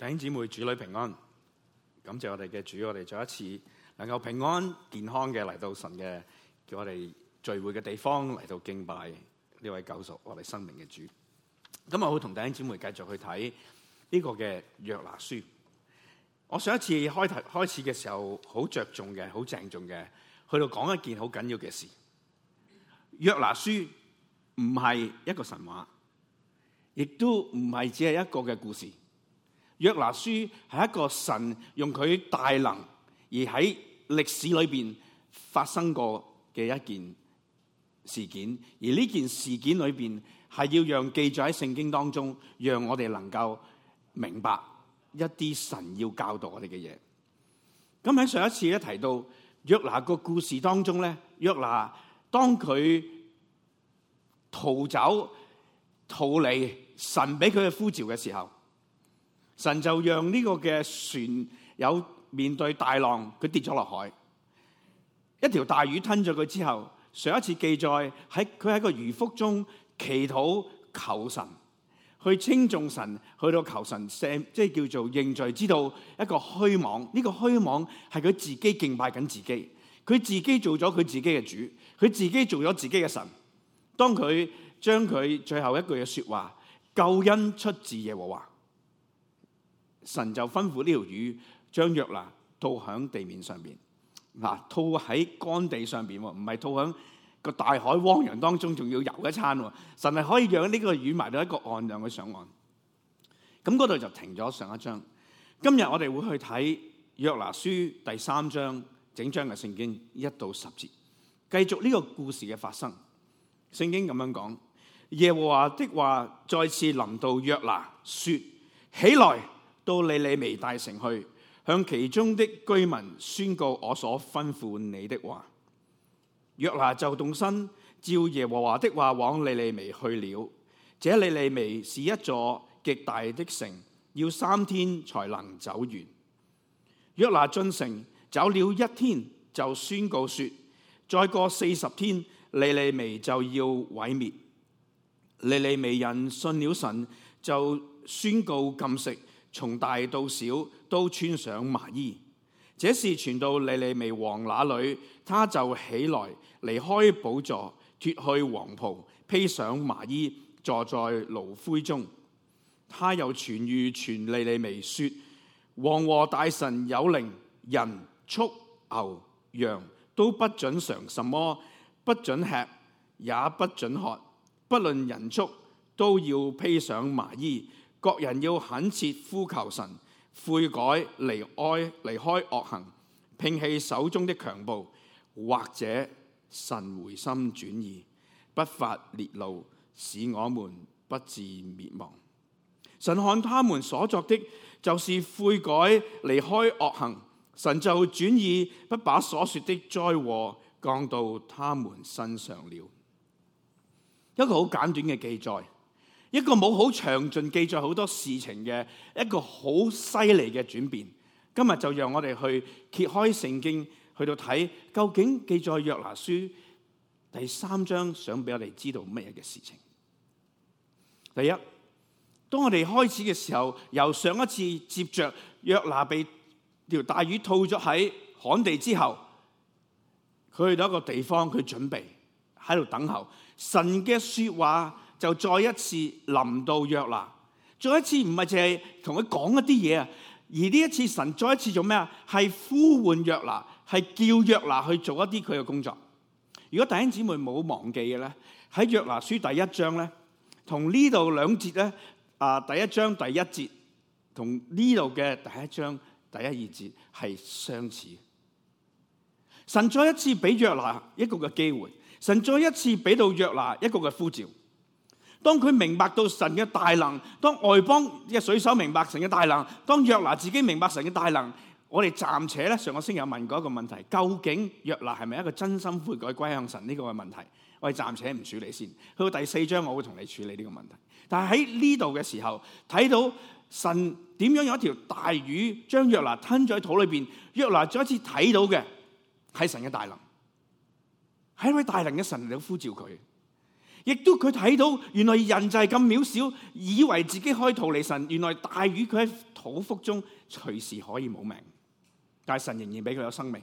弟兄姊妹，主女平安，感謝我哋嘅主，我哋再一次能夠平安健康嘅嚟到神嘅，叫我哋聚會嘅地方嚟到敬拜呢位救贖我哋生命嘅主。咁啊，我會同弟兄姊妹繼續去睇呢個嘅約拿書。我上一次開頭開始嘅時候，好着重嘅，好鄭重嘅，去到講一件好緊要嘅事。約拿書唔係一個神話，亦都唔係只係一個嘅故事。約拿書係一個神用佢大能而喺歷史裏邊發生過嘅一件事件，而呢件事件裏邊係要讓記載喺聖經當中，讓我哋能夠明白一啲神要教導我哋嘅嘢。咁喺上一次咧提到約拿個故事當中咧，約拿當佢逃走、逃離神俾佢嘅呼召嘅時候。神就讓呢個嘅船有面對大浪，佢跌咗落海，一條大魚吞咗佢之後。上一次記載喺佢喺一個魚腹中祈禱求，求神，去稱重神，去到求神，即係叫做認罪，知道一個虛妄。呢、呢個虛妄係佢自己敬拜緊自己，佢自己做咗佢自己嘅主，佢自己做咗自己嘅神。當佢將佢最後一句嘅說話，救恩出自耶和華。神就吩咐呢條魚將約拿套喺地面上邊，嗱套喺乾地上邊，唔係套喺個大海汪洋當中，仲要游一餐。神係可以讓呢個魚埋到一個岸，讓佢上岸。咁嗰度就停咗上一章。今日我哋會去睇約拿書第三章，整章嘅聖經一到十節，繼續呢個故事嘅發生。聖經咁樣講，耶和華的話再次臨到約拿雪，說起來。到尼尼微大城去，向其中的居民宣告我所吩咐你的話。約拿就動身，照耶和華的話往尼尼微去了。這尼尼微是一座極大的城，要三天才能走完。約拿進城走了一天，就宣告說：再過四十天，尼尼微就要毀滅。尼尼微人信了神，就宣告禁食。從大到小都穿上麻衣。這事傳到尼尼微王那裏，他就起來離開寶座，脱去黃袍，披上麻衣，坐在爐灰中。他又傳與全尼尼微説：王和大臣有令，人畜牛羊都不準嘗什麼，不准吃，也不準喝。不論人畜，都要披上麻衣。各人要懇切呼求神悔改，離開離開惡行，摒棄手中的強暴，或者神回心轉意，不發烈怒，使我們不至滅亡。神看他們所作的，就是悔改離開惡行，神就轉意，不把所說的災禍降到他們身上了。一個好簡短嘅記載。一個冇好詳盡記載好多事情嘅一個好犀利嘅轉變，今日就讓我哋去揭開聖經去到睇，究竟記載約拿書第三章想俾我哋知道乜嘢嘅事情？第一，當我哋開始嘅時候，由上一次接着約拿被條大魚吐咗喺旱地之後，佢去到一個地方，佢準備喺度等候神嘅說話，就再一次臨到約拿，再一次唔係淨係同佢講一啲嘢啊，而呢一次神再一次做咩啊？係呼喚約拿，係叫約拿去做一啲佢嘅工作。如果弟兄姊妹冇忘記嘅咧，喺約拿書第一章咧，同呢度兩節咧啊，第一章第一節同呢度嘅第一章第一二節係相似。神再一次俾約拿一個嘅機會，神再一次俾到約拿一個嘅呼召。當佢明白到神嘅大能，當外邦嘅水手明白神嘅大能，當約拿自己明白神嘅大能，我哋暫且咧，上個星期有問過一個問題，究竟約拿係咪一個真心悔改歸向神呢個嘅問題？我哋暫且唔處理先，去到第四章我會同你處理呢個問題。但係喺呢度嘅時候，睇到神點樣有一條大魚將約拿吞咗喺肚裏邊，約拿再一次睇到嘅係神嘅大能，係一位大能嘅神嚟到呼召佢。亦都佢睇到，原來人就係咁渺小，以為自己可以逃離神。原來大魚佢喺土腹中，隨時可以冇命，但係神仍然俾佢有生命。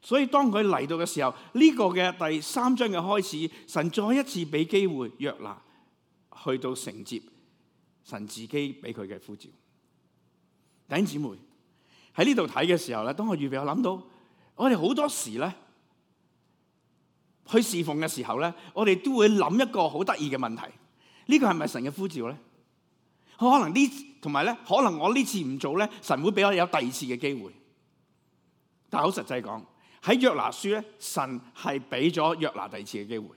所以當佢嚟到嘅時候，呢、這個嘅第三章嘅開始，神再一次俾機會約拿去到承接神自己俾佢嘅呼召。弟兄姊妹喺呢度睇嘅時候咧，當我預備我諗到，我哋好多時咧。去侍奉嘅時候咧，我哋都會諗一個好得意嘅問題：呢個係咪神嘅呼召咧？可能呢，同埋咧，可能我呢次唔做咧，神會俾我有第二次嘅機會。但係好實際講，喺約拿書咧，神係俾咗約拿第二次嘅機會。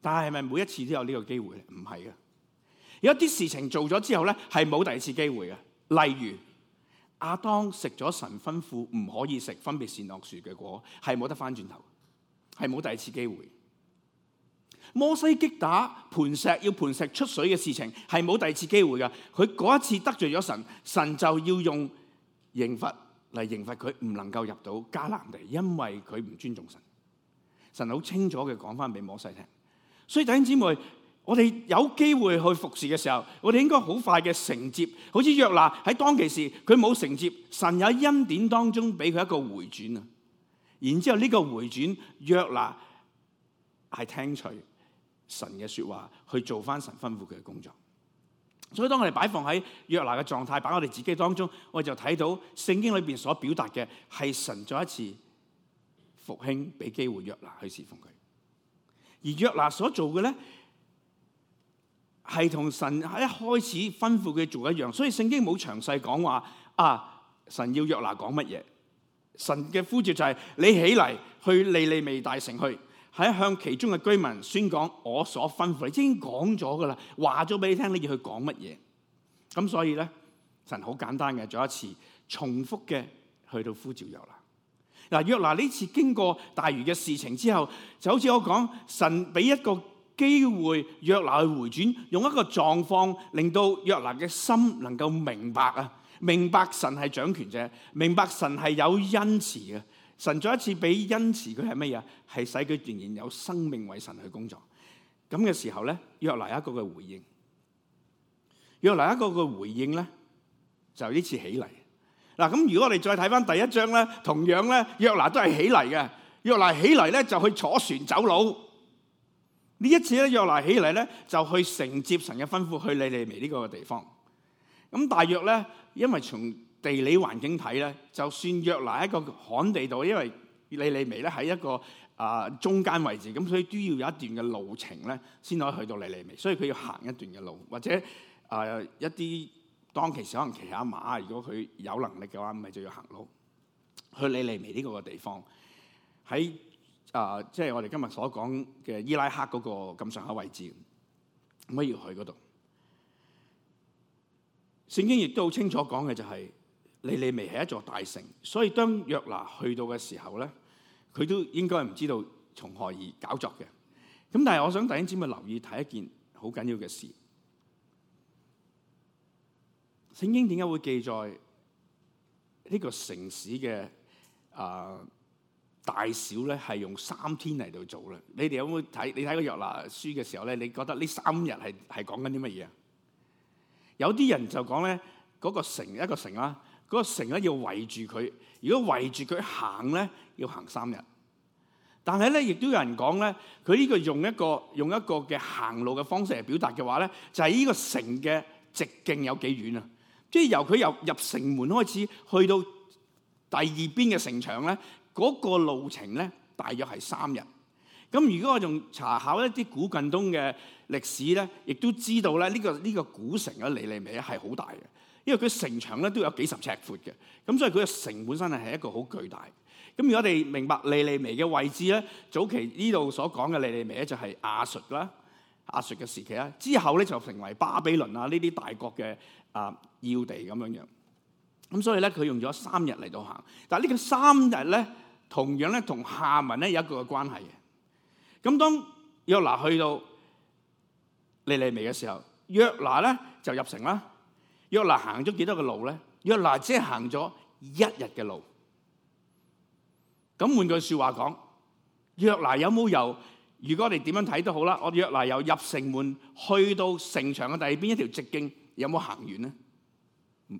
但係係咪每一次都有呢個機會咧？唔係嘅，有一啲事情做咗之後咧，係冇第二次機會嘅。例如阿當食咗神吩咐唔可以食分別善惡樹嘅果，係冇得翻轉頭。係冇第二次機會。摩西擊打磐石，要磐石出水嘅事情係冇第二次機會噶佢嗰一次得罪咗神，神就要用刑罰嚟刑罰佢，唔能夠入到迦南地，因為佢唔尊重神。神好清楚嘅講翻俾摩西聽。所以弟兄姊妹，我哋有機會去服侍嘅時候，我哋應該好快嘅承接。好似約拿喺當其時佢冇承接，神有喺恩典當中俾佢一個回轉啊。然之後呢個回轉，約拿係聽隨神嘅說話去做翻神吩咐佢嘅工作，所以當我哋擺放喺約拿嘅狀態，擺我哋自己當中，我就睇到聖經裏邊所表達嘅係神再一次復興，俾機會約拿去侍奉佢。而約拿所做嘅咧，係同神喺一開始吩咐佢做的一樣，所以聖經冇詳細講話啊，神要約拿講乜嘢。神嘅呼召就係你起嚟去尼尼微大城去，喺向其中嘅居民宣講我所吩咐你，已經講咗噶啦，話咗俾你聽，你要去講乜嘢。咁所以咧，神好簡單嘅，再一次重複嘅去到呼召又啦。嗱，約拿呢次經過大魚嘅事情之後，就好似我講，神俾一個機會約拿去回轉，用一個狀況令到約拿嘅心能夠明白啊。明白神係掌權者，明白神係有恩慈嘅，神再一次俾恩慈佢係乜嘢？係使佢仍然有生命為神去工作。咁嘅時候咧，約拿一個嘅回應，約拿一個嘅回應咧，就呢次起嚟。嗱，咁如果我哋再睇翻第一章咧，同樣咧，約拿都係起嚟嘅。約拿起嚟咧就去坐船走佬。呢一次咧，約拿起嚟咧就去承接神嘅吩咐去尼尼微呢個地方。咁大約咧，因為從地理環境睇咧，就算約嚟一個旱地度，因為利利微咧喺一個啊、呃、中間位置，咁所以都要有一段嘅路程咧，先可以去到利利微，所以佢要行一段嘅路，或者啊、呃、一啲當其時可能騎下馬，如果佢有能力嘅話，咪就要行路去利利微呢個地方，喺啊即係我哋今日所講嘅伊拉克嗰個咁上下位置，可以去嗰度。聖經亦都好清楚講嘅就係尼尼微係一座大城，所以當約拿去到嘅時候咧，佢都應該唔知道從何而搞作嘅。咁但係我想弟兄姊妹留意睇一件好緊要嘅事。聖經點解會記載呢個城市嘅啊大小咧係用三天嚟到做咧？你哋有冇睇？你睇過約拿書嘅時候咧，你覺得呢三日係係講緊啲乜嘢？有啲人就講咧，嗰個城一個城啦，嗰個城咧要圍住佢。如果圍住佢行咧，要行三日。但係咧，亦都有人講咧，佢呢個用一個用一個嘅行路嘅方式嚟表達嘅話咧，就係呢個城嘅直徑有幾遠啊？即係由佢由入城門開始去到第二邊嘅城牆咧，嗰個路程咧大約係三日。咁如果我仲查考一啲古近東嘅，歷史咧，亦都知道咧，呢個呢個古城嘅尼尼微係好大嘅，因為佢城牆咧都有幾十尺闊嘅，咁所以佢嘅城本身係係一個好巨大。咁如果我哋明白尼尼微嘅位置咧，早期呢度所講嘅尼尼微咧就係亞述啦，亞述嘅時期啦，之後咧就成為巴比倫啊呢啲大國嘅啊要地咁樣樣。咁所以咧，佢用咗三日嚟到行，但係呢個三日咧，同樣咧同下文咧有一個關係嘅。咁當約拿去到。你嚟未嘅時候，約拿咧就入城啦。約拿行咗幾多個路咧？約拿只係行咗一日嘅路。咁換句説話講，約拿有冇由？如果我哋點樣睇都好啦，我約拿由入城門去到城牆嘅第二邊一條直徑，有冇行完咧？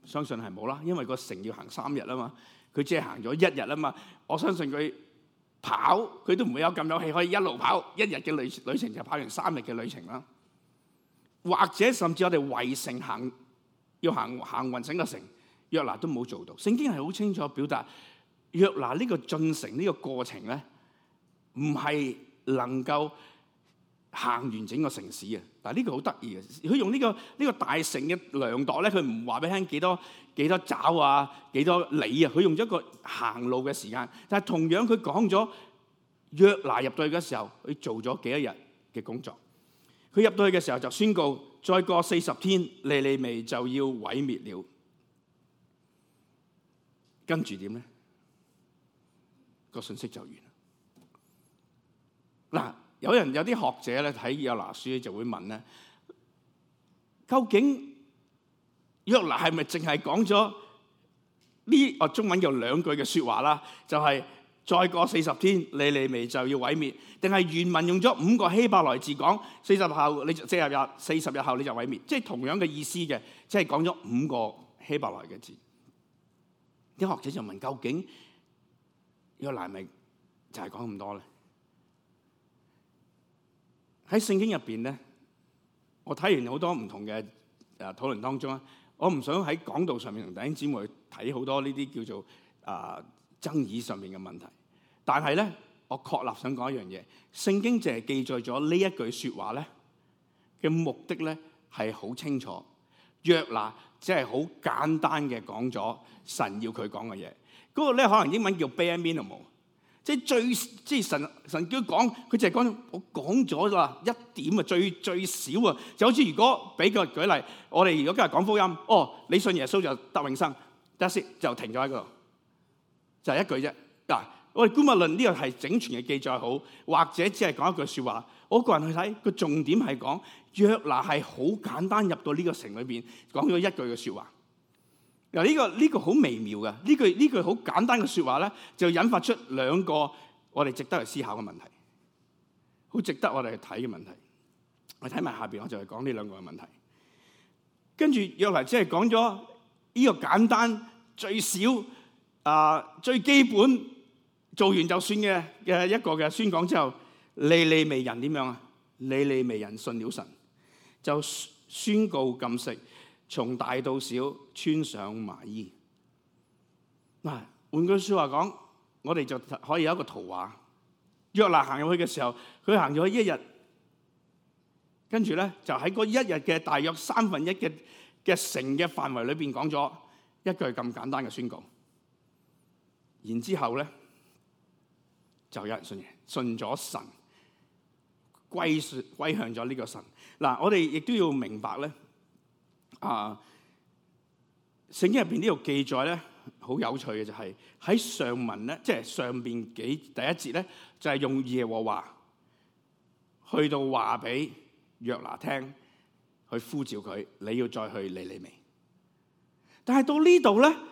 相信係冇啦，因為個城要行三日啊嘛，佢只係行咗一日啊嘛。我相信佢跑，佢都唔會有咁有氣，可以一路跑一日嘅旅旅程，就跑完三日嘅旅程啦。或者甚至我哋圍城行，要行行勻整個城，約拿都冇做到。聖經係好清楚表達，約拿呢個進城呢個過程咧，唔係能夠行完整個城市嘅。嗱，呢個好得意嘅，佢用呢個呢個大城嘅量度咧，佢唔話俾聽幾多幾多爪啊，幾多里啊，佢用咗一個行路嘅時間。但係同樣佢講咗約拿入到去嘅時候，佢做咗幾多日嘅工作。佢入到去嘅時候就宣告，再過四十天尼尼微就要毀滅了。跟住點呢？個信息就完了。嗱，有人有啲學者看睇約拿書就會問，究竟約拿係咪淨係講咗呢中文有兩句嘅說話就係、是。再過四十天，尼尼微就要毀滅，定係原文用咗五個希伯來字講，四十後你就進入日，四十日後你就毀滅，即係同樣嘅意思嘅，即係講咗五個希伯來嘅字。啲學者就問：究竟呢、呢個難明就係講咁多咧？喺聖經入邊咧，我睇完好多唔同嘅啊討論當中啊，我唔想喺講道上面同弟兄姊妹睇好多呢啲叫做啊。呃爭議上面嘅問題，但係咧，我確立想講一樣嘢。聖經淨係記載咗呢一句説話咧嘅目的咧係好清楚。約拿即係好簡單嘅講咗神要佢講嘅嘢。嗰、那個咧可能英文叫 bare minimum，即係最即係、就是、神神叫講佢淨係講我講咗啦一點啊最最少啊，就好似如果俾佢舉例，我哋如果今日講福音，哦你信耶穌就得永生，得先就停咗喺嗰度。就係一句啫。嗱，我哋姑勿論呢個係整全嘅記載好，或者只係講一句説話。我個人去睇，個重點係講約拿係好簡單入到呢個城裏邊，講咗一句嘅、這個這個這個這個、説話。嗱，呢個呢個好微妙嘅，呢句呢句好簡單嘅説話咧，就引發出兩個我哋值得去思考嘅問題，好值得我哋去睇嘅問題。我睇埋下邊，我就係講呢兩個嘅問題。跟住約拿只係講咗呢個簡單最少。啊，最基本做完就算嘅嘅一個嘅宣講之後，尼尼微人點樣啊？尼尼微人信了神，就宣告禁食，從大到小穿上麻衣。嗱，換句説話講，我哋就可以有一個圖畫。約拿行入去嘅時候，佢行咗一日，跟住咧就喺嗰一日嘅大約三分一嘅嘅城嘅範圍裏邊講咗一句咁簡單嘅宣告。然之後咧，就有人信嘅，信咗神，歸、歸向咗呢個神。嗱，我哋亦都要明白咧，啊，聖經入邊呢度記載咧，好有趣嘅就係喺上文咧，即係上面幾第一節咧，就係用耶和華去到話俾約拿聽，去呼召佢，你要再去尼尼微。但係到呢度咧。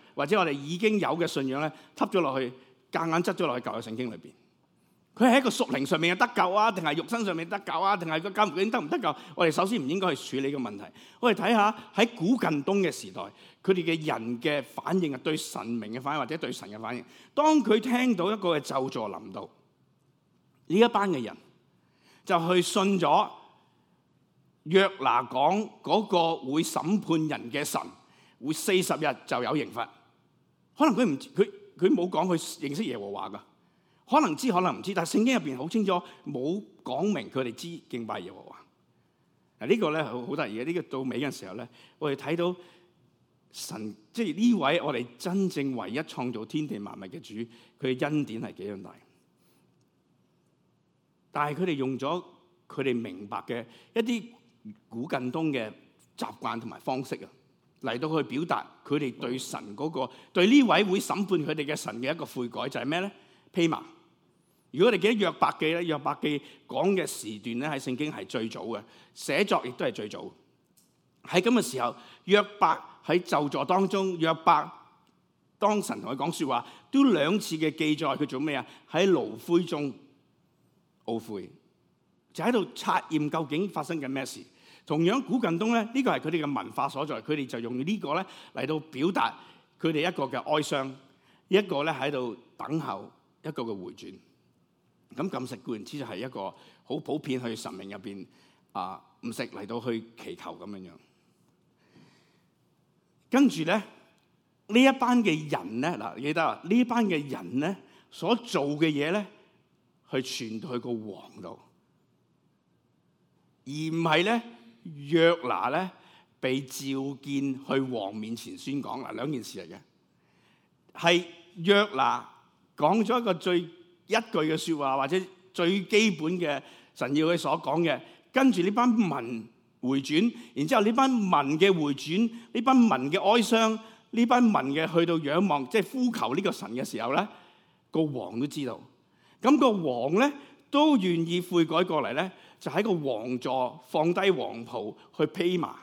或者我哋已經有嘅信仰咧，吸咗落去，夾硬執咗落去舊嘅聖經裏邊。佢喺一個屬靈上面嘅得救啊，定係肉身上面得救啊，定係個教會究竟得唔得救，啊？我哋首先唔應該去處理個問題。我哋睇下喺古近東嘅時代，佢哋嘅人嘅反應係對神明嘅反應或者對神嘅反應。當佢聽到一個嘅咒詛臨到，呢一班嘅人就去信咗約拿講嗰個會審判人嘅神，會四十日就有刑罰。可能佢唔知佢，佢冇講佢認識耶和華噶，可能知可能唔知，但係聖經入邊好清楚冇講明佢哋知敬拜耶和華。嗱、這個、呢個咧好得意嘅，呢、這個到尾嘅時候咧，我哋睇到神即係呢位我哋真正唯一創造天地萬物嘅主，佢嘅恩典係幾樣大，但係佢哋用咗佢哋明白嘅一啲古近東嘅習慣同埋方式啊。嚟到去表達佢哋對神嗰個對呢位會審判佢哋嘅神嘅一個悔改就係咩咧？披麻。如果你記得約伯記咧，約伯記講嘅時段咧喺聖經係最早嘅，寫作亦都係最早。喺咁嘅時候，約伯喺就坐當中，約伯當神同佢講説話，都兩次嘅記載佢做咩啊？喺爐灰中懊悔，就喺度測驗究竟發生緊咩事。同樣古近東咧，呢個係佢哋嘅文化所在，佢哋就用呢個咧嚟到表達佢哋一個嘅哀傷，一個咧喺度等候一個嘅回轉。咁禁食固然之就係一個好普遍去神明入面，啊唔食嚟到去祈求咁樣。跟住咧呢一班嘅人咧嗱，記得啊，呢一班嘅人咧所做嘅嘢咧，去傳到去個王度，而唔係咧。約拿咧被召見去王面前宣講，嗱，兩件事嚟嘅，係約拿講咗一個最一句嘅說話，或者最基本嘅神要佢所講嘅，跟住呢班民回轉，然之後呢班民嘅回轉，呢班民嘅哀傷，呢班民嘅去到仰望，即係呼求呢個神嘅時候咧，個王都知道，咁、那個王咧都願意悔改過嚟咧。就喺個王座放低黃袍去披麻，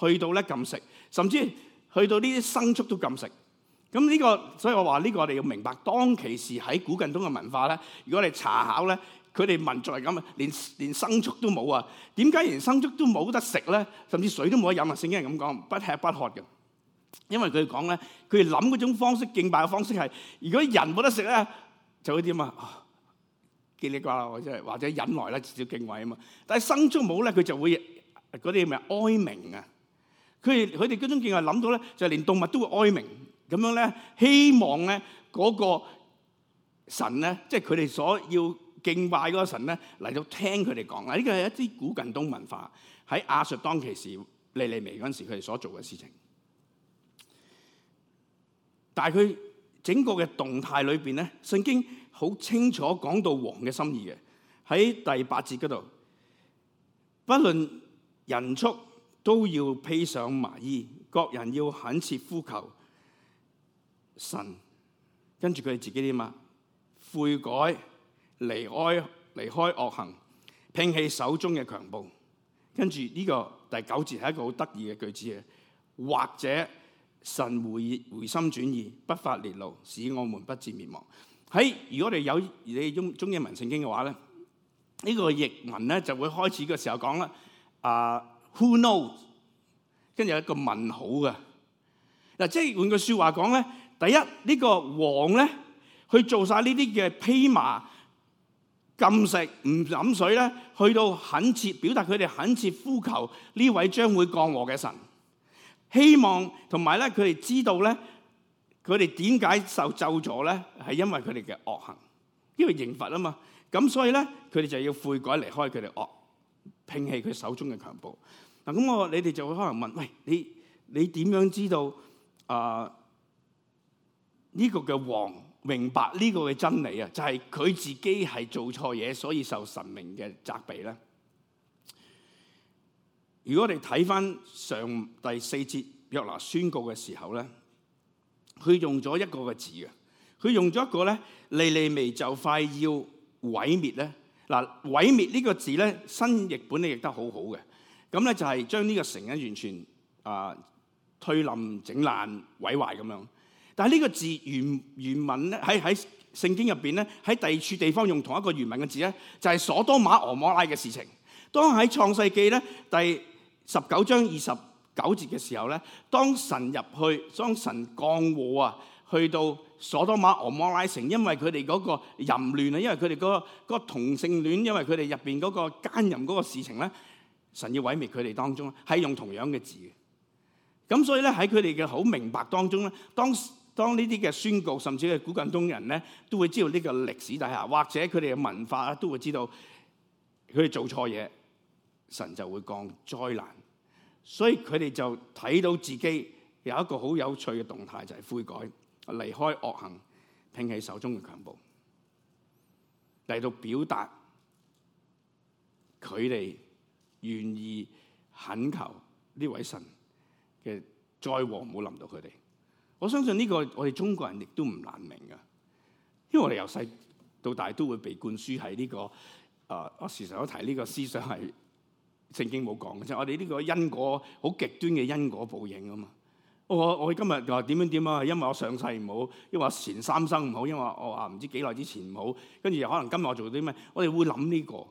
去到咧禁食，甚至去到呢啲牲畜都禁食。咁呢個，所以我話呢個我哋要明白，當其時喺古近東嘅文化咧，如果你查考咧，佢哋民族係咁啊，連連牲畜都冇啊。點解連牲畜都冇得食咧？甚至水都冇得飲啊！聖經係咁講，不吃不喝嘅，因為佢哋講咧，佢哋諗嗰種方式敬拜嘅方式係，如果人冇得食咧，就會點啊？嘰里呱啦，我真係或者忍耐咧，至少敬畏啊嘛。但係生足冇咧，佢就會嗰啲咩哀鳴啊！佢哋佢哋嗰種敬畏，諗到咧就連動物都會哀鳴咁樣咧，希望咧嗰個神咧，即係佢哋所要敬拜嗰個神咧嚟到聽佢哋講。啊，呢個係一啲古近東文化喺亞述當其時尼尼微嗰陣時，佢哋所做嘅事情。但係佢整個嘅動態裏邊咧，聖經。好清楚講到王嘅心意嘅喺第八節嗰度，不論人畜都要披上麻衣，各人要懇切呼求神。跟住佢哋自己點啊？悔改，離開離開惡行，摒棄手中嘅強暴。跟住呢個第九節係一個好得意嘅句子嘅，或者神回回心轉意，不發烈怒，使我們不致滅亡。喺、hey，如果你有你中中英文聖經嘅話咧，呢、這個譯文咧就會開始嘅時候講啦，啊、uh，Who knows？跟住有一個問號嘅。嗱，即係換句説話講咧，第一呢、這個王咧去做晒呢啲嘅披麻禁食唔飲水咧，去到懇切表達佢哋懇切呼求呢位將會降禍嘅神，希望同埋咧佢哋知道咧。佢哋點解受咒咗咧？係因為佢哋嘅惡行，因為刑罰啊嘛。咁所以咧，佢哋就要悔改，離開佢哋惡，摒棄佢手中嘅強暴。嗱，咁我你哋就會可能問：喂，你你點樣知道啊？呢個嘅王明白呢個嘅真理啊？就係佢自己係做錯嘢，所以受神明嘅責備咧。如果我哋睇翻上第四節約拿宣告嘅時候咧。佢用咗一個個字嘅，佢用咗一個咧，尼尼微就快要毀滅咧。嗱，毀滅呢個字咧，新譯本咧譯得好好嘅。咁咧就係將呢個城咧完全啊推冧、整爛、毀壞咁樣。但係呢個字原原文咧喺喺聖經入邊咧喺第二處地方用同一個原文嘅字咧，就係所多瑪俄摩拉嘅事情。當喺創世記咧第十九章二十九節嘅時候咧，當神入去，當神降禍啊，去到索多瑪、蛾摩拉城，因為佢哋嗰個淫亂啊，因為佢哋嗰個同性戀，因為佢哋入邊嗰個奸淫嗰個事情咧，神要毀滅佢哋當中，係用同樣嘅字嘅。咁所以咧，喺佢哋嘅好明白當中咧，當當呢啲嘅宣告，甚至係古近東人咧，都會知道呢個歷史底下，或者佢哋嘅文化啊，都會知道佢哋做錯嘢，神就會降災難。所以佢哋就睇到自己有一個好有趣嘅動態，就係、是、悔改、離開惡行、拼起手中嘅強暴，嚟到表達，佢哋願意懇求呢位神嘅災禍唔好臨到佢哋。我相信呢個我哋中國人亦都唔難明嘅，因為我哋由細到大都會被灌輸喺呢、這個。啊、呃，我時常都提呢個思想係。聖經冇講嘅啫，我哋呢個因果好極端嘅因果報應啊嘛！我、哦、我今日話點樣點啊？因為我上世唔好，因為我前三生唔好，因為我啊唔知幾耐之前唔好，跟住又可能今日我做啲咩，我哋會諗呢、這個，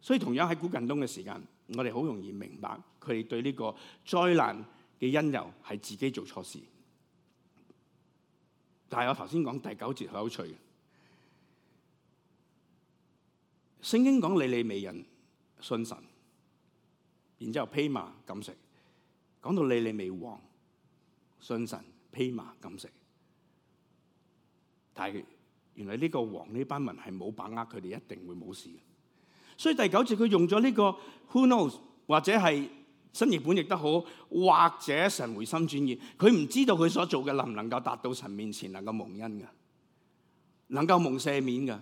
所以同樣喺古近東嘅時間，我哋好容易明白佢哋對呢個災難嘅因由係自己做錯事。但係我頭先講第九節好有趣嘅，聖經講尼尼微人信神。然之後披麻禁食，講到尼尼微王信神披麻禁食，但係，原來呢個王呢班民係冇把握佢哋一定會冇事的，所以第九節佢用咗呢、這個 Who knows，或者係新譯本譯得好，或者神回心轉意，佢唔知道佢所做嘅能唔能夠達到神面前能夠蒙恩嘅，能夠蒙赦免嘅，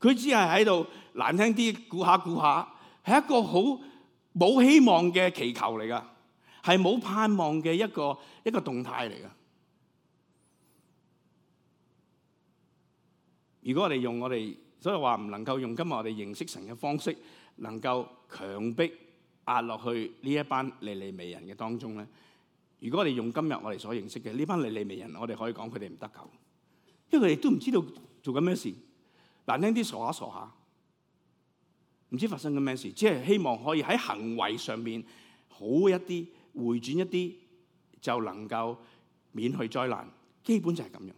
佢只係喺度難聽啲估下估下，係一個好。冇希望嘅祈求嚟噶，係冇盼望嘅一個一個動態嚟噶。如果我哋用我哋，所以話唔能夠用今日我哋認識神嘅方式，能夠強迫壓落去呢一班尼尼微人嘅當中咧。如果我哋用今日我哋所認識嘅呢班尼尼微人，我哋可以講佢哋唔得救，因為佢哋都唔知道做緊咩事，難聽啲傻下傻下。唔知發生緊咩事，只係希望可以喺行為上面好一啲，回轉一啲就能夠免去災難。基本就係咁樣，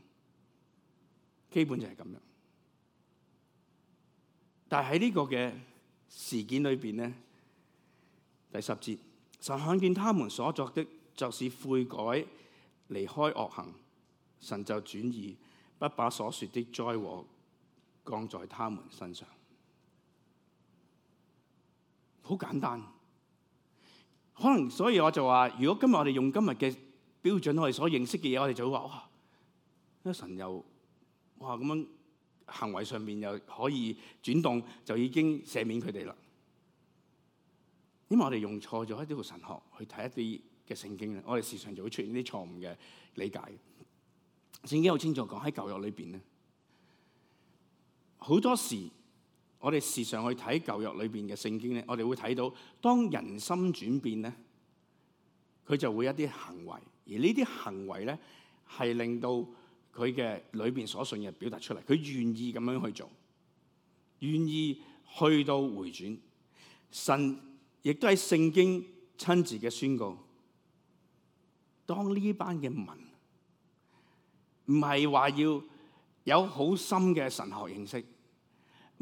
基本就係咁樣。但係喺呢個嘅事件裏邊呢，第十節，神看見他們所作的，就是悔改，離開惡行，神就轉移，不把所說的災禍降在他們身上。好簡單，可能所以我就話，如果今日我哋用今日嘅標準，我哋所認識嘅嘢，我哋就會話，哦，這個，哇，神又，哇，咁樣行為上面又可以轉動，就已經赦免佢哋啦。因為我哋用錯咗呢條神學去睇一啲嘅聖經咧，我哋時常就會出現啲錯誤嘅理解。聖經好清楚講喺舊約裏邊咧，好多時。我哋時常去睇舊約裏邊嘅聖經咧，我哋會睇到當人心轉變咧，佢就會有一啲行為，而呢啲行為咧係令到佢嘅裏邊所信嘅表達出嚟，佢願意咁樣去做，願意去到回轉。神亦都係聖經親自嘅宣告。當呢班嘅民唔係話要有好深嘅神學認識，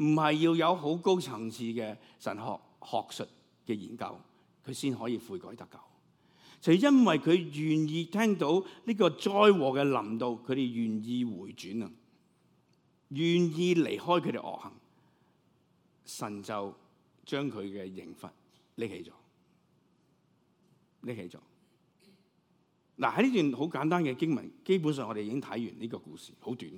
唔係要有好高層次嘅神學學術嘅研究，佢先可以悔改得救。就係因為佢願意聽到呢個災禍嘅臨到，佢哋願意回轉啊，願意離開佢哋惡行，神就將佢嘅刑罰匿起咗匿起咗。嗱，喺呢段好簡單嘅經文，基本上我哋已經睇完呢個故事，好短，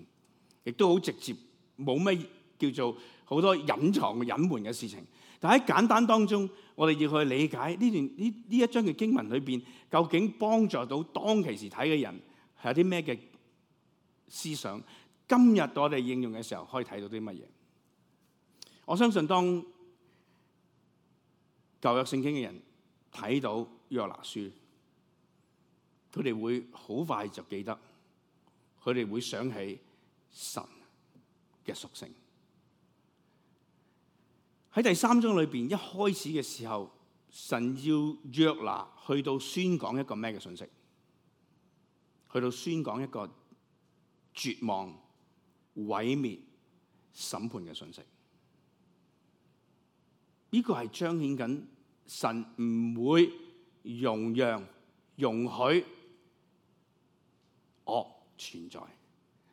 亦都好直接，冇乜。叫做好多隱藏嘅隱瞞嘅事情，但喺簡單當中，我哋要去理解呢段呢呢一章嘅經文裏邊究竟幫助到當其時睇嘅人係有啲咩嘅思想？今日我哋應用嘅時候可以睇到啲乜嘢？我相信當舊約聖經嘅人睇到約拿書，佢哋會好快就記得，佢哋會想起神嘅屬性。喺第三章裏邊，一開始嘅時候，神要約拿去到宣講一個咩嘅信息？去到宣講一個絕望、毀滅、審判嘅信息。呢個係彰顯緊神唔會容讓、容許惡存在，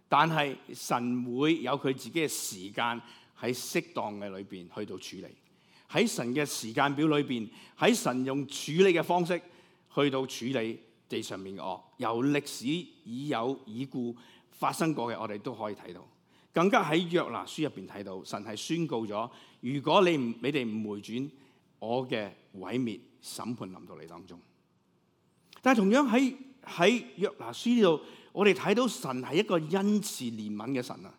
但係神會有佢自己嘅時間。喺適當嘅裏邊去到處理，喺神嘅時間表裏邊，喺神用處理嘅方式去到處理地上面嘅惡，由歷史已有已故發生過嘅，我哋都可以睇到。更加喺約拿書入邊睇到，神係宣告咗：如果你唔你哋唔回轉，我嘅毀滅審判臨到你當中。但係同樣喺喺約拿書呢度，我哋睇到神係一個恩慈憐憫嘅神啊。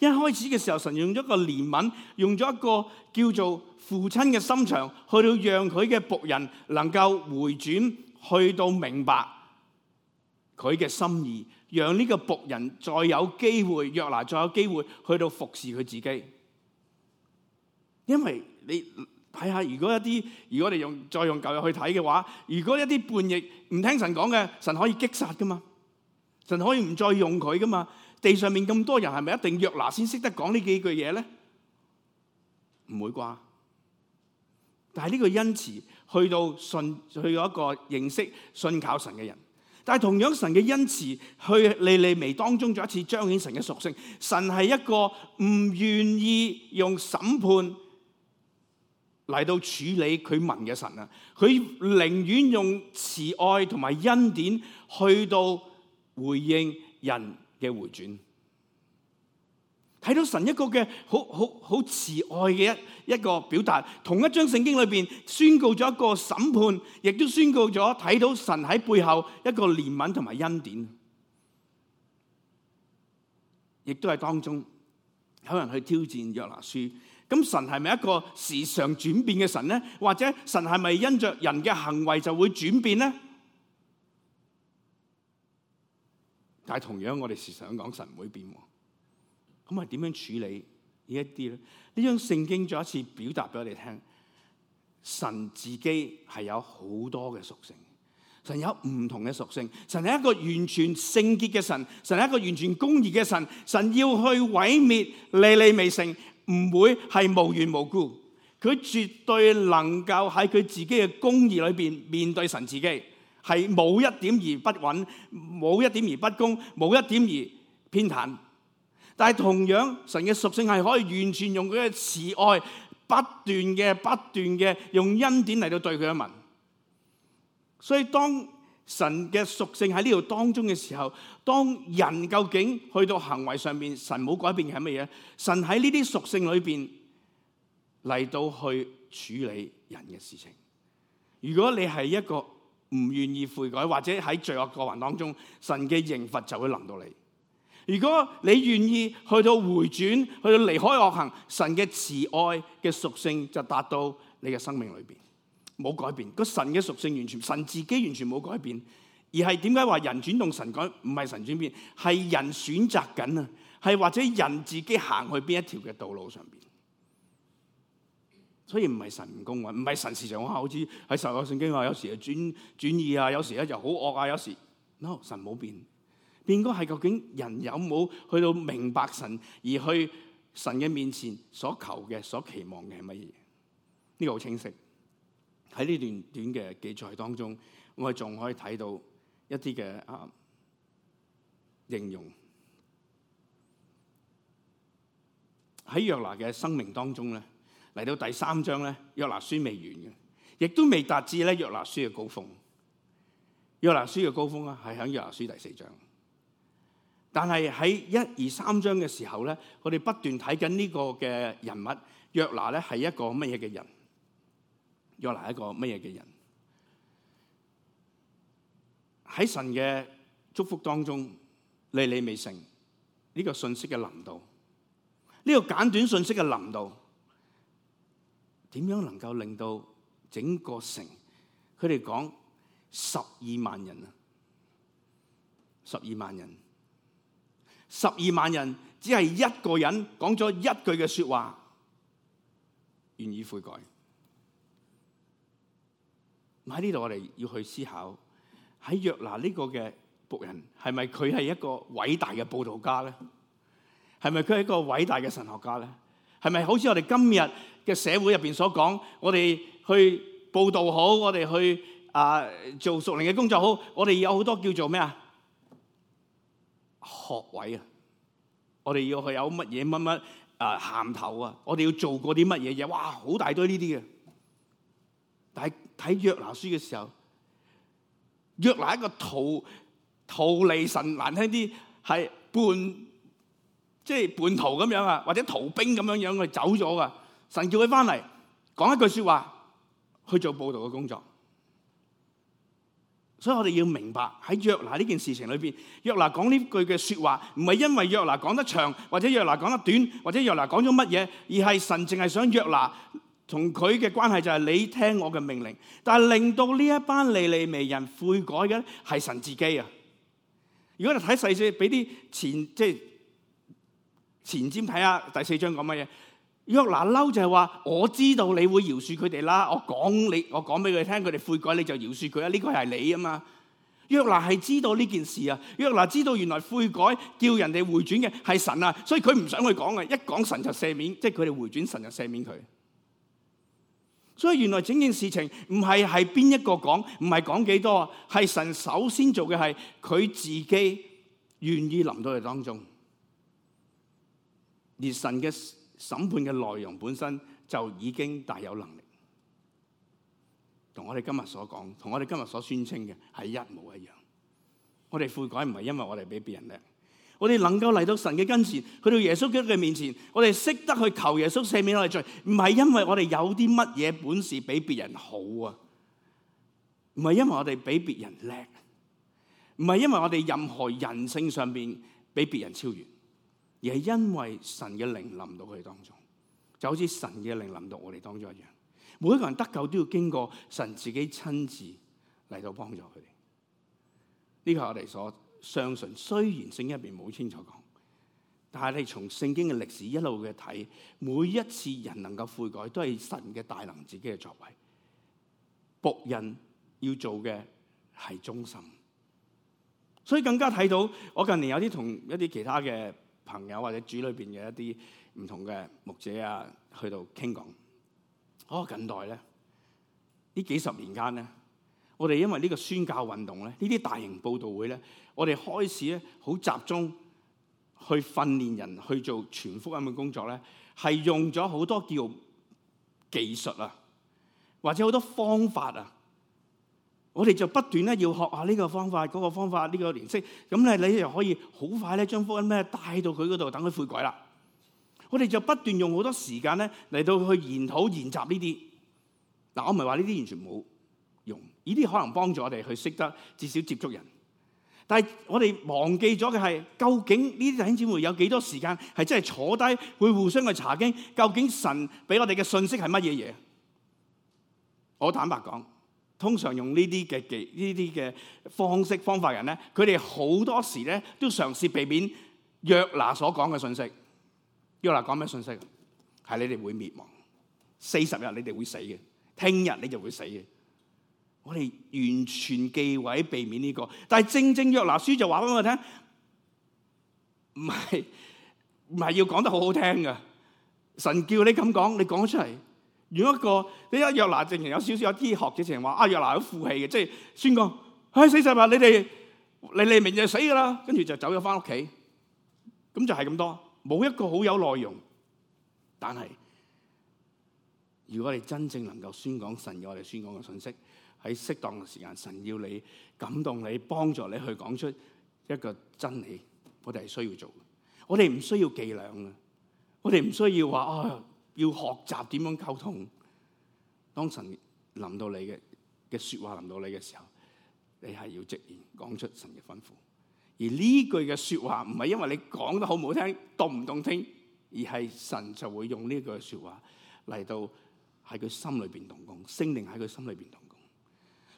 一開始嘅時候，神用咗一個憐憫，用咗一個叫做父親嘅心腸，去到讓佢嘅僕人能夠回轉，去到明白佢嘅心意，讓呢個僕人再有機會，約拿再有機會去到服侍佢自己。因為你睇下，如果一啲，如果你用再用舊日去睇嘅話，如果一啲叛逆唔聽神講嘅，神可以擊殺噶嘛，神可以唔再用佢噶嘛。地上面咁多人，係咪一定約拿先識得講呢幾句嘢咧？唔會啩？但係呢個恩慈去到信，去到一個認識信靠神嘅人。但係同樣神嘅恩慈，去尼尼微當中，再一次彰顯神嘅屬性。神係一個唔願意用審判嚟到處理佢民嘅神啊！佢寧願用慈愛同埋恩典去到回應人。嘅回轉，睇到神一個嘅好好好慈愛嘅一一個表達。同一章聖經裏邊宣告咗一個審判，亦都宣告咗睇到神喺背後一個憐憫同埋恩典，亦都係當中有人去挑戰約拿書，咁神係咪一個時常轉變嘅神呢？或者神係咪因着人嘅行為就會轉變呢？但係同樣，我哋時常講神唔會變，咁係點樣處理呢一啲咧？呢張聖經再一次表達俾我哋聽，神自己係有好多嘅屬性，神有唔同嘅屬性，神係一個完全聖潔嘅神，神係一個完全公義嘅神，神要去毀滅尼尼微城，唔會係無緣無故，佢絕對能夠喺佢自己嘅公義裏面，面對神自己。係冇一點而不穩，冇一點而不公，冇一點而偏袒。但係同樣神嘅屬性係可以完全用佢嘅慈愛，不斷嘅不斷嘅用恩典嚟到對佢嘅民。所以當神嘅屬性喺呢度當中嘅時候，當人究竟去到行為上面，神冇改變嘅係乜嘢？神喺呢啲屬性裏邊嚟到去處理人嘅事情。如果你係一個，唔願意悔改或者喺罪惡過程當中，神嘅刑罰就會臨到你。如果你願意去到回轉，去到離開惡行，神嘅慈愛嘅屬性就達到你嘅生命裏邊。冇改變，個神嘅屬性完全，神自己完全冇改變。而係點解話人轉動神改？唔係神轉變，係人選擇緊啊，係或者人自己行去邊一條嘅道路上邊。所以唔係神唔公允，唔係神時常我好似喺十受聖經話，有時啊轉轉意啊，有時咧就好惡啊，有時 no 神冇變，變個係究竟人有冇去到明白神，而去神嘅面前所求嘅、所期望嘅係乜嘢？呢、這個好清晰。喺呢段短嘅記載當中，我哋仲可以睇到一啲嘅啊應用。喺約拿嘅生命當中咧。嚟到第三章咧，約拿書未完嘅，亦都未達至咧約拿書嘅高峰。約拿書嘅高峰咧，係喺約拿書第四章。但係喺一二三章嘅時候咧，我哋不斷睇緊呢個嘅人物約拿咧，係一個乜嘢嘅人？約拿係一個乜嘢嘅人？喺神嘅祝福當中，利利未聖呢個信息嘅林度，呢個簡短信息嘅林度。點樣能夠令到整個城？佢哋講十二萬人啊，十二萬人，十二萬人只係一個人講咗一句嘅說話，願意悔改。喺呢度我哋要去思考：喺約拿呢個嘅僕人，係咪佢係一個偉大嘅佈道家咧？係咪佢係一個偉大嘅神學家咧？係咪好似我哋今日？嘅社會入面所講，我哋去報導好，我哋去啊、呃、做熟練嘅工作好，我哋有好多叫做咩啊學位啊，我哋要去有乜嘢乜乜啊銜頭啊，我哋要做過啲乜嘢嘢，哇！好大堆呢啲嘅，但係睇約拿書嘅時候，約拿一個逃逃離神，難聽啲係叛即係叛逃咁樣啊，或者逃兵咁樣樣去走咗噶。神叫佢翻嚟講一句說話去做報道嘅工作，所以我哋要明白喺約拿呢件事情裏邊，約拿講呢句嘅說話唔係因為約拿講得長或者約拿講得短或者約拿講咗乜嘢，而係神淨係想約拿同佢嘅關係就係你聽我嘅命令。但係令到呢一班尼尼微人悔改嘅係神自己啊！如果你睇細書，俾啲前即係前瞻睇下第四章講乜嘢。約拿嬲就係話我知道你會饒恕佢哋啦，我講你，我講俾佢聽，佢哋悔改你就饒恕佢啊，呢個係你啊嘛。約拿係知道呢件事啊，約拿知道原來悔改叫人哋回轉嘅係神啊，所以佢唔想去講啊。一講神就赦免，即係佢哋回轉神就赦免佢。所以原來整件事情唔係係邊一個講，唔係講幾多，啊。係神首先做嘅係佢自己願意臨到佢當中，而神嘅。審判嘅內容本身就已經大有能力跟說，同我哋今日所講，同我哋今日所宣稱嘅係一模一樣。我哋悔改唔係因為我哋比別人叻，我哋能夠嚟到神嘅跟前，去到耶穌基督嘅面前，我哋識得去求耶穌赦免我哋罪，唔係因為我哋有啲乜嘢本事比別人好啊，唔係因為我哋比別人叻，唔係因為我哋任何人性上邊比別人超越。而係因為神嘅靈臨到佢哋當中，就好似神嘅靈臨到我哋當中一樣。每一個人得救都要經過神自己親自嚟到幫助佢哋。呢個係我哋所相信，雖然聖經入邊冇清楚講，但係你從聖經嘅歷史一路嘅睇，每一次人能夠悔改，都係神嘅大能自己嘅作為。僕人要做嘅係忠心，所以更加睇到我近年有啲同一啲其他嘅。朋友或者主裏邊嘅一啲唔同嘅牧者啊，去到傾講。好近代咧，呢幾十年間咧，我哋因為呢個宣教運動咧，呢啲大型佈道會咧，我哋開始咧好集中去訓練人去做全福音嘅工作咧，係用咗好多叫技術啊，或者好多方法啊。我哋就不斷咧要學下呢個方法，嗰個方法，呢個連式，咁咧你就可以好快咧將福音咧帶到佢嗰度，等佢悔改啦。我哋就不斷用好多時間咧嚟到去研討研習呢啲。嗱，我唔係話呢啲完全冇用，呢啲可能幫助我哋去識得至少接觸人。但係我哋忘記咗嘅係，究竟呢啲弟兄姊妹有幾多時間係真係坐低會互相去查經？究竟神俾我哋嘅信息係乜嘢嘢？我坦白講。通常用呢啲嘅嘅呢啲嘅方式方法人咧，佢哋好多時咧都嘗試避免約拿所講嘅信息。約拿講咩信息？係你哋會滅亡，四十日你哋會死嘅，聽日你就會死嘅。我哋完全忌諱避免呢個，但係正正約拿書就話俾我聽，唔係唔係要講得好好聽㗎，神叫你咁講，你講出嚟。如果一個你一約拿，之前有少少有啲學嘅人話啊，約拿好負氣嘅，即係宣講，唉死晒喇，你哋你哋明就死噶啦，跟住就走咗翻屋企，咁就係咁多，冇一個好有內容。但係，如果你真正能夠宣講神要我哋宣講嘅信息，喺適當嘅時間，神要你感動你，幫助你去講出一個真理，我哋係需要做嘅，我哋唔需要伎倆啊，我哋唔需要話啊。要學習點樣溝通，當神臨到你嘅嘅說話臨到你嘅時候，你係要直言講出神嘅吩咐。而呢句嘅說話唔係因為你講得好唔好聽，動唔動聽，而係神就會用呢句說話嚟，到喺佢心裏邊動工，聖靈喺佢心裏邊動工。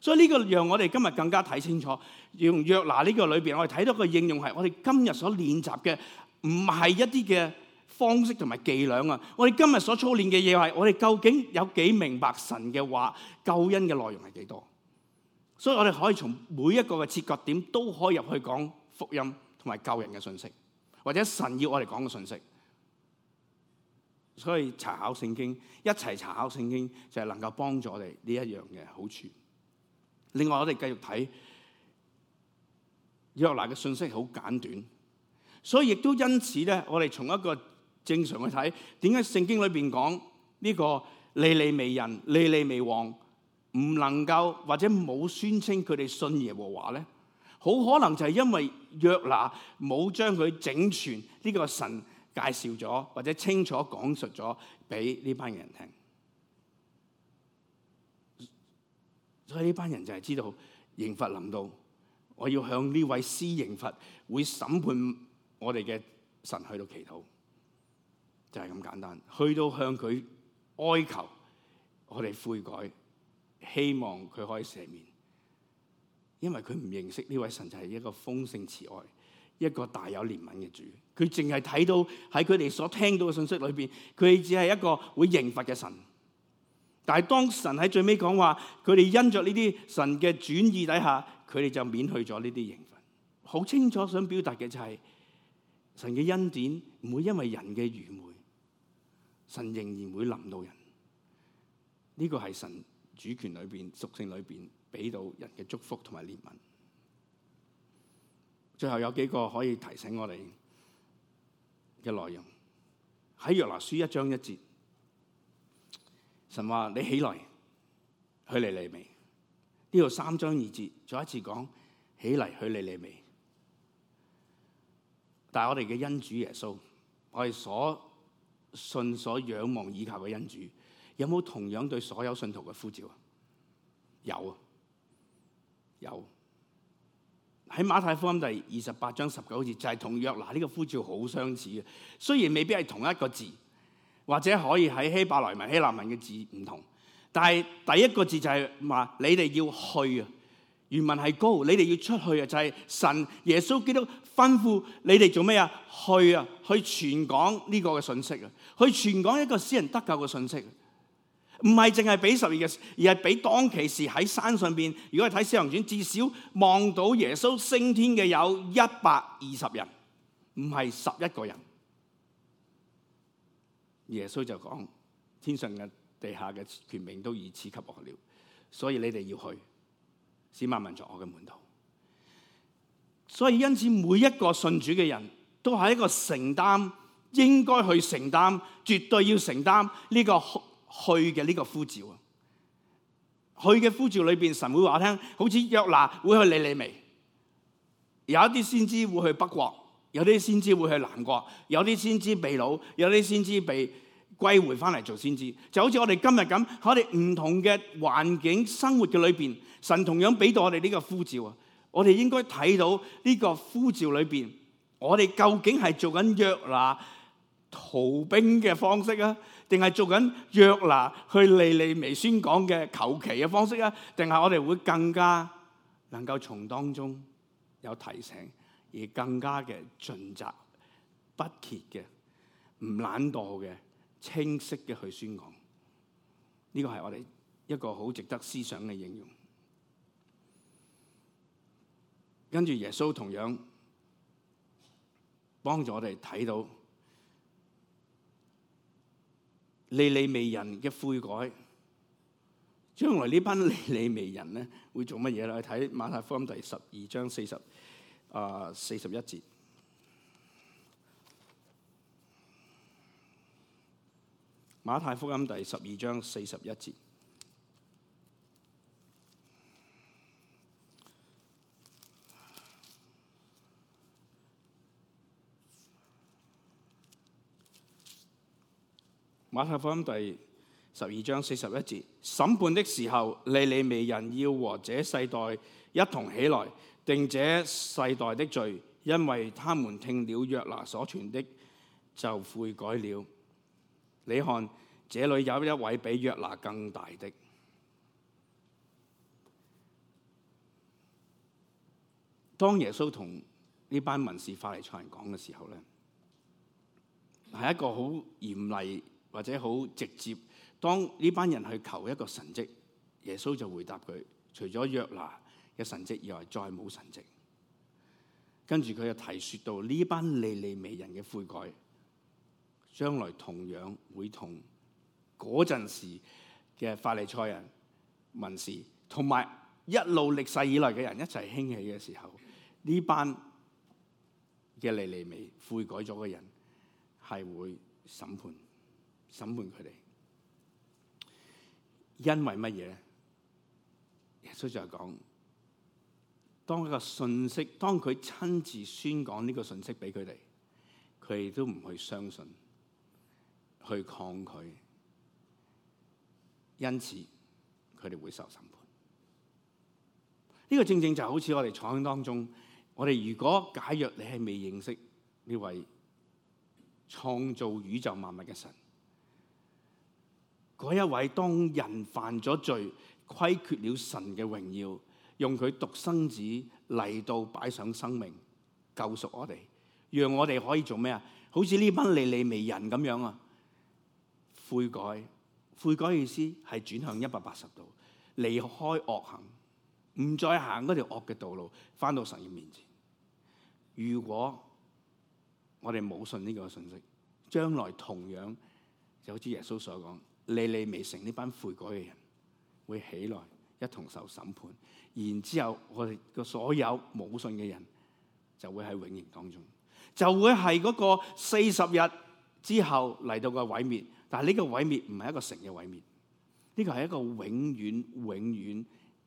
所以呢個讓我哋今日更加睇清楚，用約拿呢個裏邊，我哋睇到個應用係我哋今日所練習嘅，唔係一啲嘅。方式同埋伎倆啊。我哋今日所操練嘅嘢，係，我哋究竟有幾明白神嘅話，救恩嘅內容係幾多。所以我哋可以從每一個嘅切割點都可以入去講福音同埋救人嘅信息，或者神要我哋講嘅信息。所以查考聖經，一齊查考聖經就係能夠幫助我哋呢一樣嘅好處。另外，我哋繼續睇約拿嘅信息好簡短，所以亦都因此咧，我哋從一個。正常去睇，點解聖經裏邊講呢個尼尼微人、尼尼微王唔能夠或者冇宣稱佢哋信耶和華咧？好可能就係因為約拿冇將佢整全呢個神介紹咗，或者清楚講述咗俾呢班人聽。所以呢班人就係知道刑罰臨到，我要向呢位施刑罰會審判我哋嘅神去到祈禱。就係咁簡單，去到向佢哀求，我哋悔改，希望佢可以赦免。因為佢唔認識呢位神就係一個豐盛慈愛、一個大有憐憫嘅主。佢淨係睇到喺佢哋所聽到嘅信息裏邊，佢只係一個會刑罰嘅神。但係當神喺最尾講話，佢哋因着呢啲神嘅轉意底下，佢哋就免去咗呢啲刑罰。好清楚想表達嘅就係神嘅恩典唔會因為人嘅愚昧。神仍然會臨到人，呢、這個係神主權裏邊屬性裏邊俾到人嘅祝福同埋憐憫。最後有幾個可以提醒我哋嘅內容，喺約拿書一章一節，神話你起來，起來未？呢度三章二節再一次講，起來，起來未？但係我哋嘅恩主耶穌，我哋所信所仰望倚靠嘅恩主，有冇同樣對所有信徒嘅呼召啊？有啊，有，喺馬太福音第二十八章十九字就係同約拿呢個呼召好相似嘅，雖然未必係同一個字，或者可以喺希伯來文、希臘文嘅字唔同，但係第一個字就係話你哋要去啊。原文係高，你哋要出去啊！就係、是、神耶穌基督吩咐你哋做咩啊？去啊！去傳講呢個嘅信息啊！去傳講一個使人得救嘅信息，唔係淨係俾十二嘅，而係俾當其時喺山上邊。如果睇《使徒行傳》，至少望到耶穌升天嘅有一百二十人，唔係十一個人。耶穌就講：天上嘅、地下嘅權柄都賜給我了，所以你哋要去。使萬民作我嘅門徒。所以因此，每一個信主嘅人都係一個承擔，應該去承擔，絕對要承擔呢個去嘅呢個呼召。去嘅呼、呼召裏邊，神會話聽，好似約拿會去尼尼微，有一啲先知會去北國，有啲先知會去南國，有啲先、先知被擄，有啲先知被。歸回翻嚟做先知，就好似我哋今日咁，喺我哋唔同嘅環境生活嘅裏邊，神同樣俾到我哋呢個呼召啊！我哋應該睇到呢個呼召裏邊，我哋究竟係做緊約拿逃兵嘅方式啊，定係做緊約拿去尼尼微宣講嘅求其嘅方式啊？定係我哋會更加能夠從當中有提醒，而更加嘅盡責不竭嘅，唔懶惰嘅。清晰嘅去宣講呢，這個係我哋一個好值得思想嘅應用。跟住耶穌同樣幫助我哋睇到尼尼微人嘅悔改。將來呢班尼尼微人咧會做乜嘢咧？睇馬太福音第十二章四十啊、呃、四十一節。馬太福音第十二章四十一節。馬太福音第十二章四十一節，審判的時候，尼尼微人要和這世代一同起來，定這世代的罪，因為他們聽了約拿所傳的，就悔改了。你看，這裏有一位比約拿更大的。當耶穌同呢班文士法利賽人講嘅時候，是一個好嚴厲或者好直接。當呢班人去求一個神蹟，耶穌就回答佢：除咗約拿嘅神蹟以外，再冇神蹟。跟住佢又提說到呢班尼尼微人嘅悔改。將來同樣會同嗰陣時嘅法利賽人、文士，同埋一路歷世以來嘅人一齊興起嘅時候，呢班嘅尼尼微悔改咗嘅人係會審判、審判佢哋。因為乜嘢咧？耶穌就係講，當一個信息，當佢親自宣講呢個信息俾佢哋，佢哋都唔去相信，去抗拒，因此佢哋會受審判。呢、這個正正就是好似我哋創當中，我哋如果假若你係未認識呢位創造宇宙萬物嘅神，嗰一位當人犯咗罪，虧缺了神嘅榮耀，用佢獨生子嚟到擺上生命救贖我哋，讓我哋可以做咩啊？好似呢班尼尼微人咁樣啊！悔改，悔改意思係轉向一百八十度，離開惡行，唔再行嗰條惡嘅道路，翻到神面前。如果我哋冇信呢個信息，將來同樣就好似耶穌所講，尼尼微城呢班悔改嘅人會起來一同受審判，然之後我哋個所有冇信嘅人就會喺永刑當中，就會係嗰個四十日之後嚟到個毀滅。但係呢個毀滅唔係一個城嘅毀滅，呢個係一個永遠、永遠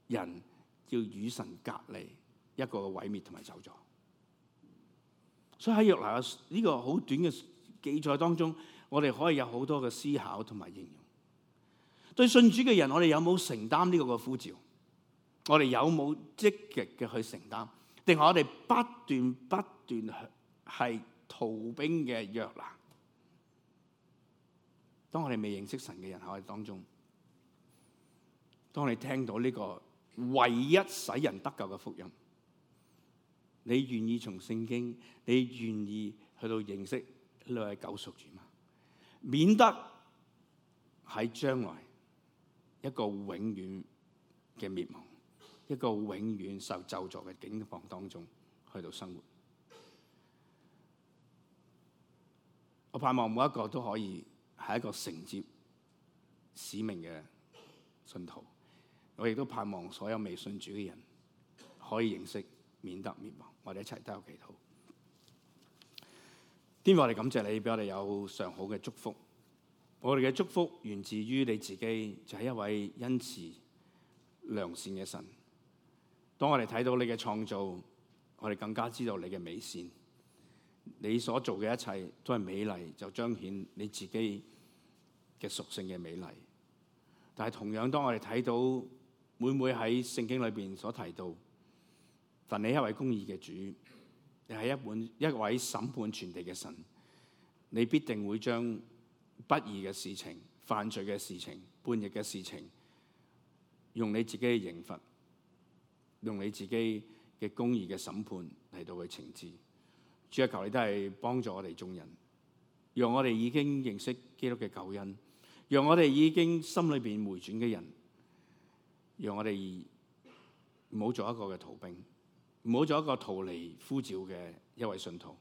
人要與神隔離一個嘅毀滅同埋走咗。所以喺約拿呢個好短嘅記載當中，我哋可以有好多嘅思考同埋應用。對信主嘅人，我哋有冇承擔呢個嘅呼召？我哋有冇積極嘅去承擔？定係我哋不斷不斷係逃兵嘅約拿？當我哋未認識神嘅人口喺當中，當你聽到呢個唯一使人得救嘅福音，你願意從聖經，你願意去到認識呢位救贖主嗎？免得喺將來一個永遠嘅滅亡，一個永遠受咒詛嘅境況當中，去到生活，我盼望每一個都可以。係一個承接使命嘅信徒，我亦都盼望所有未信主嘅人可以認識，免得滅亡。我哋一齊都有祈禱。天父，我哋感謝你俾我哋有上好嘅祝福。我哋嘅祝福源自於你自己，就係一位恩慈良善嘅神。當我哋睇到你嘅創造，我哋更加知道你嘅美善。你所做嘅一切都係美麗，就彰顯你自己。嘅屬性嘅美麗，但係同樣，當我哋睇到，每每喺聖經裏邊所提到，但你一位公義嘅主，你係一本一位審判全地嘅神，你必定會將不義嘅事情、犯罪嘅事情、叛逆嘅事情，用你自己嘅刑罰，用你自己嘅公義嘅審判嚟到去懲治。主，求你都係幫助我哋眾人。讓我哋已經認識基督嘅救恩，讓我哋已經心裏面回轉嘅人，讓我哋唔好做一個嘅逃兵，唔好做一個逃離呼召嘅一位信徒，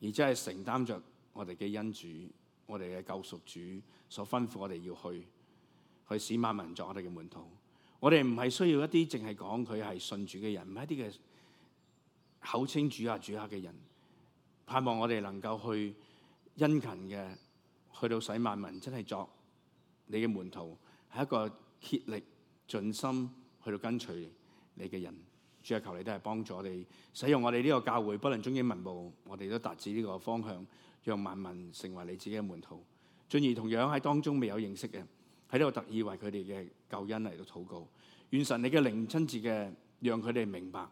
而只係承擔着我哋嘅恩主，我哋嘅救贖主所吩咐我哋要去去使萬民作我哋嘅門徒。我哋唔係需要一啲淨係講佢係信主嘅人，唔係一啲嘅口稱主啊、主啊嘅人，盼望我哋能夠去，殷勤嘅去到使萬民真係作你嘅門徒，係一個竭力盡心去到跟隨你嘅人。主啊，求你都係幫助我哋使用我哋呢個教會，不論中英文部，我哋都達至呢個方向，讓萬民成為你自己嘅門徒。進而同樣喺當中未有認識嘅，喺呢度特意為佢哋嘅救恩嚟到禱告，願神你嘅靈親自嘅，讓佢哋明白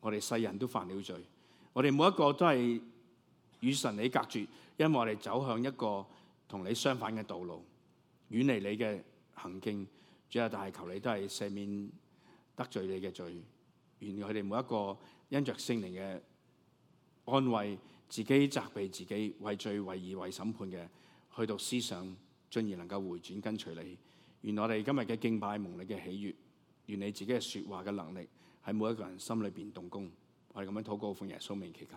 我哋世人都犯了罪，我哋每一個都係與神你隔絕。因為我哋走向一個同你相反嘅道路，遠離你嘅行徑，主要就係求你都係赦免得罪你嘅罪，原諒佢哋每一個因着聖靈嘅安慰，自己責備自己，為罪、為義、為審判嘅，去到思想，進而能夠回轉跟隨你。願我哋今日嘅敬拜蒙你嘅喜悦，願你自己嘅說話嘅能力喺每一個人心裏邊動工。我哋咁樣禱告，奉耶穌名祈求。